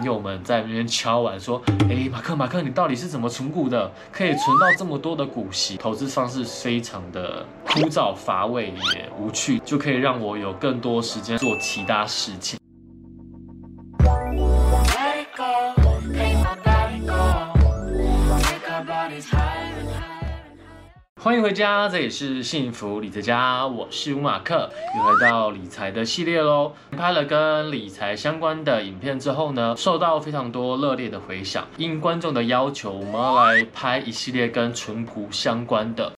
朋友們在那邊敲碗說：“哎、欸，馬克，馬克，你到底是怎麼存股的？可以存到這麼多的股息？投資方式非常的枯燥乏味也無趣，就可以讓我有更多時間做其他事情。”歡迎回家，這裡是幸福理財家，我是吳馬克，又回到理財的系列嘍。拍了跟理財相關的影片之後呢，受到非常多熱烈的回響，應觀眾的要求，我們要來拍一系列跟存股相關的。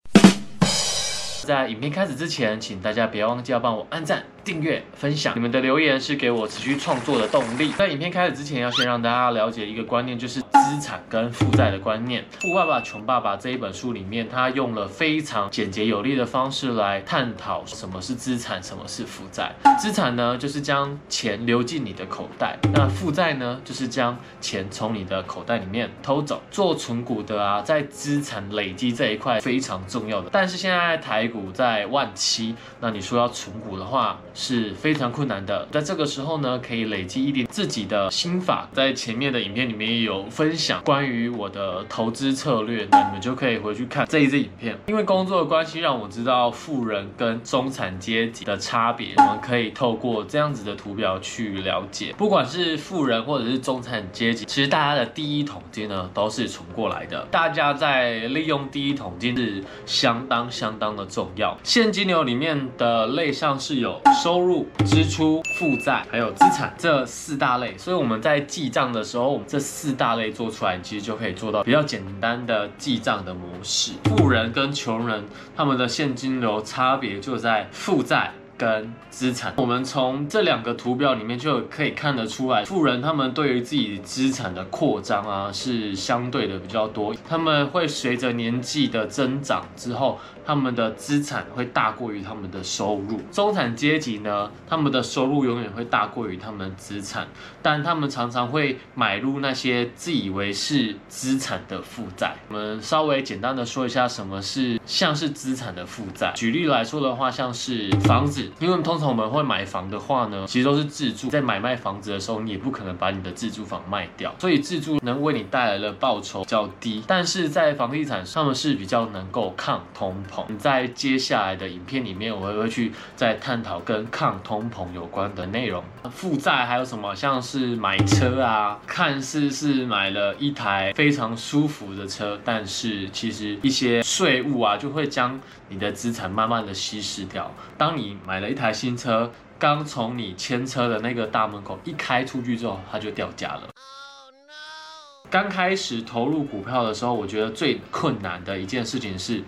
在影片開始之前，請大家別忘記要幫我按讚。訂閱、分享，你們的留言是給我持續創作的動力。在影片開始之前，要先讓大家了解一個觀念，就是資產跟負債的觀念。《富爸爸窮爸爸》這一本書裡面，他用了非常簡潔有力的方式來探討什麼是資產，什麼是負債。資產呢，就是將錢流進你的口袋；那負債呢，就是將錢從你的口袋裡面偷走。做存股的啊，在資產累積這一塊非常重要的。但是現在台股在萬七，那你說要存股的話，是非常困難的。在這個時候呢，可以累積一點自己的心法。在前面的影片裡面有分享關於我的投資策略，那你們就可以回去看這一支影片。因為工作的關係，讓我知道富人跟中產階級的差別。我們可以透過這樣子的圖表去了解，不管是富人或者是中產階級，其實大家的第一桶金呢都是存過來的。大家在利用第一桶金是相當相當的重要。現金流裡面的類項是有收入、支出、負債還有資產這四大類，所以我們在記賬的時候，我們這四大類做出來，其實就可以做到比較簡單的記賬的模式。富人跟窮人他們的現金流差別就在負債跟資產，我們從這兩個圖表裡面就可以看得出來，富人他們對於自己資產的擴張啊，是相對的比較多。他們會隨着年紀的增長之後，他們的資產會大過於他們的收入。中產階級呢，他們的收入永遠會大過於他們的資產，但他們常常會買入那些自以為是資產的負債。我們稍微簡單的說一下，什麼是像是資產的負債。舉例來說的話，像是房子。因為通常我們會買房的話呢，其實都是自住，在買賣房子的時候，你也不可能把你的自住房賣掉，所以自住能為你帶來的報酬較低，但是在房地產上面是比較能夠抗通膨。你在接下來的影片裡面，我也會去再探討跟抗通膨有關的內容。負債還有什麼？像是買車啊，看似是買了一台非常舒服的車，但是其實一些稅務啊，就會將你的資產慢慢的稀釋掉。當你買買了一台新車，剛從你牽車的那個大門口一開出去之後，它就掉價了。哦，no！剛開始投入股票的時候，我覺得最困難的一件事情是。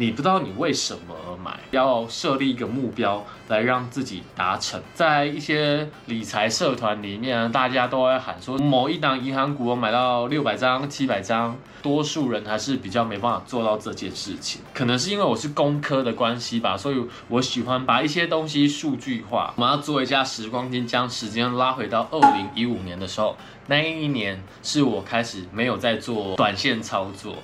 你不知道你為什麼而買，要設立一個目標來讓自己達成。在一些理財社團裡面，大家都會喊說某一檔銀行股我買到六百張、七百張，多數人還是比較沒辦法做到這件事情。可能是因為我是工科的關係吧，所以我喜歡把一些東西數據化。我們要做一下時光機，將時間拉回到二零一五年的時候，那一年是我開始沒有在做短線操作。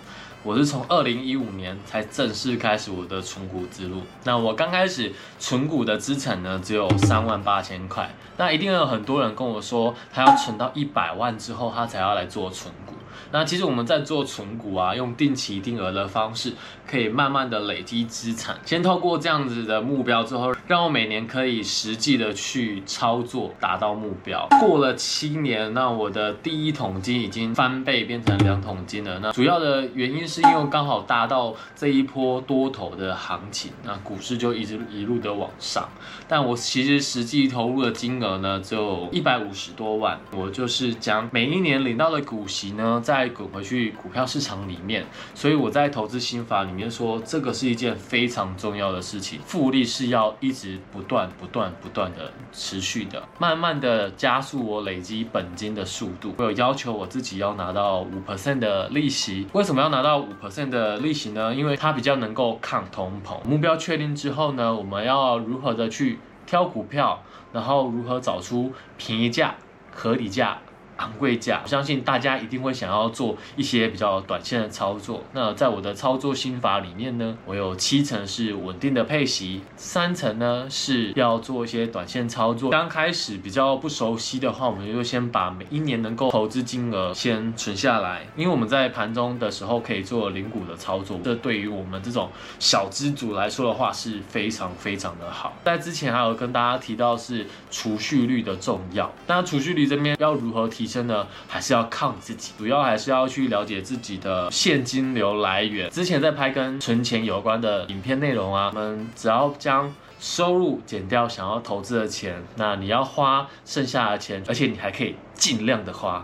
我是從二零一五年才正式開始我的存股之路。那我剛開始存股的資產呢，只有三萬八千塊。那一定有很多人跟我說，他要存到一百萬之後，他才要來做存股。那其實我們在做存股啊，用定期定額的方式，可以慢慢的累積資產。先透過這樣子的目標，之後讓我每年可以實際的去操作，達到目標。過了七年，那我的第一桶金已經翻倍，變成兩桶金了。那主要的原因是因為剛好達到這一波多頭的行情，那股市就一直一路的往上。但我其實實際投入的金額呢，就一百五十多萬。我就是將每一年領到的股息呢，再滾回去股票市場裡面，所以我在投資心法裡面說，這個是一件非常重要的事情。複利是要一直不斷、不斷、不斷的持續的，慢慢的加速我累積本金的速度。我有要求我自己要拿到五 percent 的利息。為什麼要拿到五 percent 的利息呢？因為它比較能夠抗通膨。目標確定之後呢，我們要如何的去挑股票，然後如何找出便宜價、合理價？昂貴價。我相信大家一定會想要做一些比較短線的操作。那在我的操作心法裡面呢，我有七成是穩定的配息，三成呢是要做一些短線操作。剛開始比較不熟悉的話，我們就先把每一年能夠投資金額先存下來，因為我們在盤中的時候可以做零股的操作，這對於我們這種小資族來說的話是非常非常的好。在之前還有跟大家提到是儲蓄率的重要，那儲蓄率這邊要如何提提升呢，還是要靠你自己，主要還是要去了解自己的現金流來源。之前在拍跟存錢有關的影片內容啊，我們只要將收入減掉想要投資的錢，那你要花剩下的錢，而且你還可以盡量的花。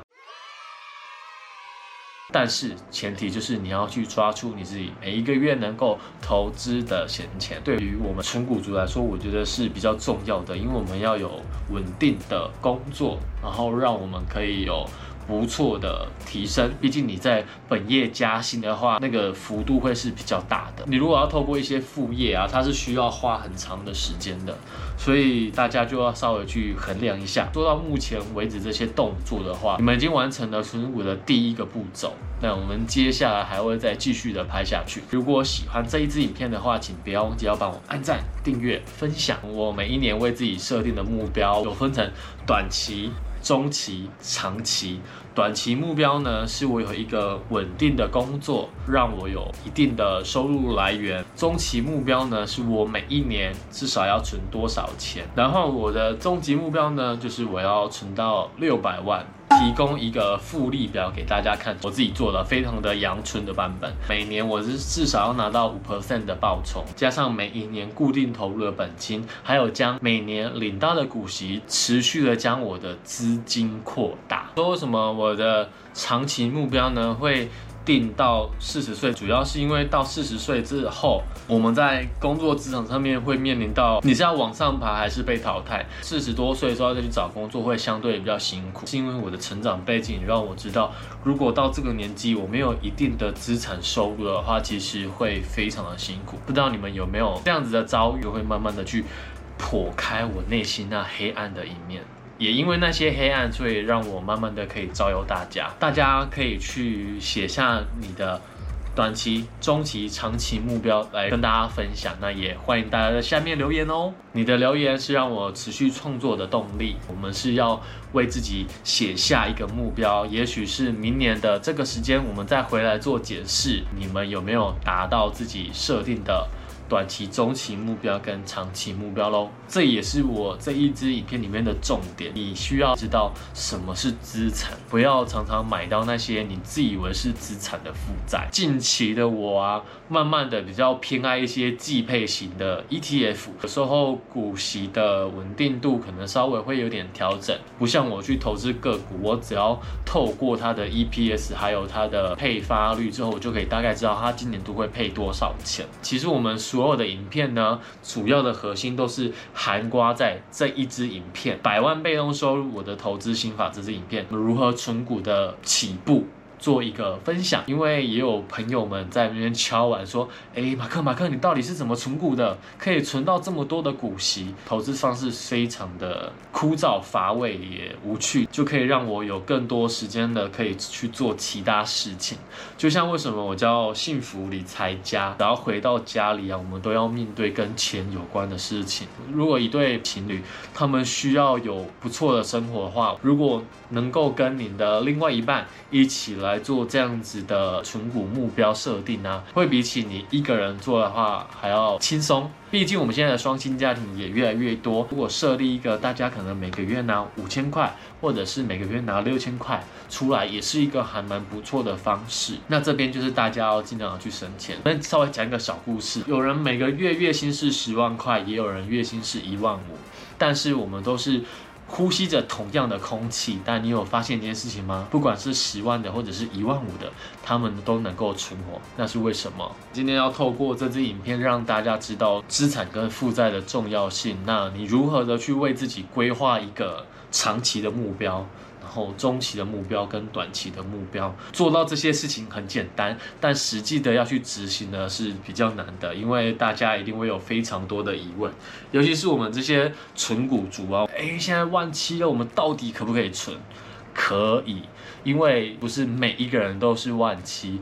但是前提就是你要去抓出你自己每一個月能夠投資的閒錢，對於我們存股族來說，我覺得是比較重要的，因為我們要有穩定的工作，然後讓我們可以有不錯的提升，畢竟你在本業加薪的話，那個幅度會是比較大的。你如果要透過一些副業啊，它是需要花很長的時間的，所以大家就要稍微去衡量一下。做到目前為止這些動作的話，你們已經完成了存股的第一個步驟。那我們接下來還會再繼續的拍下去。如果喜歡這一支影片的話，請不要忘記要幫我按贊、訂閱、分享。我每一年為自己設定的目標，有分成短期。中期、長期、短期目標呢，是我有一個穩定的工作，讓我有一定的收入來源。中期目標呢，是我每一年至少要存多少錢。然後我的終極目標呢，就是我要存到六百萬。提供一個複利表給大家看，我自己做的，非常的陽春的版本。每年我是至少要拿到五 percent 的報酬，加上每一年固定投入的本金，還有將每年領到的股息持續的將我的資金擴大。所以為什麼我的長期目標呢，會定到四十歲，主要是因為到四十歲之後，我們在工作職場上面會面臨到你是要往上爬還是被淘汰。四十多歲的時候再去找工作會相對比較辛苦，是因為我的成長背景讓我知道，如果到這個年紀我沒有一定的資產收入的話，其實會非常的辛苦。不知道你們有沒有這樣子的遭遇，會慢慢的去破開我內心那黑暗的一面。也因為那些黑暗，所以讓我慢慢的可以照耀大家。大家可以去寫下你的短期、中期、長期目標，來跟大家分享。那也歡迎大家在下面留言哦，你的留言是讓我持續創作的動力。我們是要為自己寫下一個目標，也許是明年的這個時間，我們再回來做檢視。你們有沒有達到自己設定的？短期、中期目標跟長期目標嘍，這也是我這一支影片裡面的重點。你需要知道什麼是資產，不要常常買到那些你自以為是資產的負債。近期的我啊，慢慢的比較偏愛一些季配型的 ETF，有時候股息的穩定度可能稍微會有點調整。不像我去投資個股，我只要透過它的 EPS 還有它的配發率之後，我就可以大概知道它今年度會配多少錢。其實我們說。所有的影片呢，主要的核心都是含括在這一支影片《百萬被動收入》我的投資心法，這支影片如何存股的起步。做一個分享，因為也有朋友們在那邊敲碗說：“哎，馬克，馬克，你到底是怎麼存股的？可以存到這麼多的股息？投資方式非常的枯燥乏味也無趣，就可以讓我有更多時間的可以去做其他事情。就像為什麼我叫幸福理財家，然後回到家裡啊，我們都要面對跟錢有關的事情。如果一對情侶他們需要有不錯的生活的話，如果能夠跟你的另外一半一起來。”來做這樣子的存股目標設定呢、啊，會比起你一個人做的話還要輕鬆。畢竟我們現在的雙薪家庭也越來越多，如果設立一個大家可能每個月拿五千塊，或者是每個月拿六千塊出來，也是一個還蠻不錯的方式。那這邊就是大家要盡量的去省錢。那稍微講一個小故事：有人每個月月薪是十萬塊，也有人月薪是一萬五，但是我們都是。呼吸着同樣的空氣，但你有發現這件事情嗎？不管是十萬的或者是一萬五的，他們都能夠存活，那是為什麼？今天要透過這支影片讓大家知道資產跟負債的重要性。那你如何的去為自己規劃一個長期的目標？後中期的目標跟短期的目標，做到這些事情很簡單，但實際的要去執行呢是比較難的，因為大家一定會有非常多的疑問，尤其是我們這些存股族啊，哎，欸，現在萬七了，我們到底可不可以存？可以，因為不是每一個人都是萬七。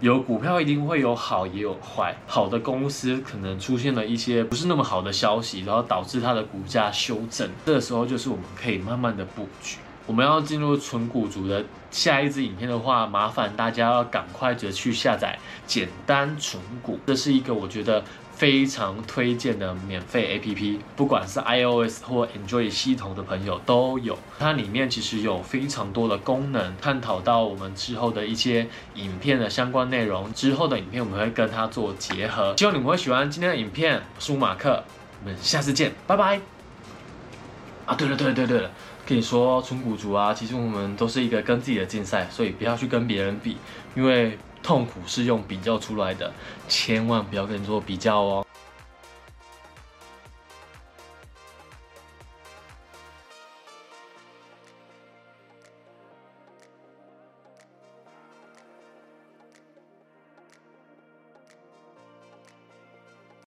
有股票一定會有好也有壞，好的公司可能出現了一些不是那麼好的消息，然後導致它的股價修正，這個時候就是我們可以慢慢的布局。我們要進入存股族的下一支影片的話，麻煩大家要趕快就去下載簡單存股，這是一個我覺得非常推薦的免費 APP，不管是 iOS 或 Android 系統的朋友都有。它裡面其實有非常多的功能，探討到我們之後的一些影片的相關內容。之後的影片我們會跟它做結合，希望你們會喜歡今天的影片。吳馬克，我們下次見，拜拜。啊，對了，對了，啊，對了對了。跟你說，存股族啊，其實我們都是一個跟自己的競賽，所以不要去跟別人比，因為痛苦是用比較出來的，千萬不要跟人做比較哦。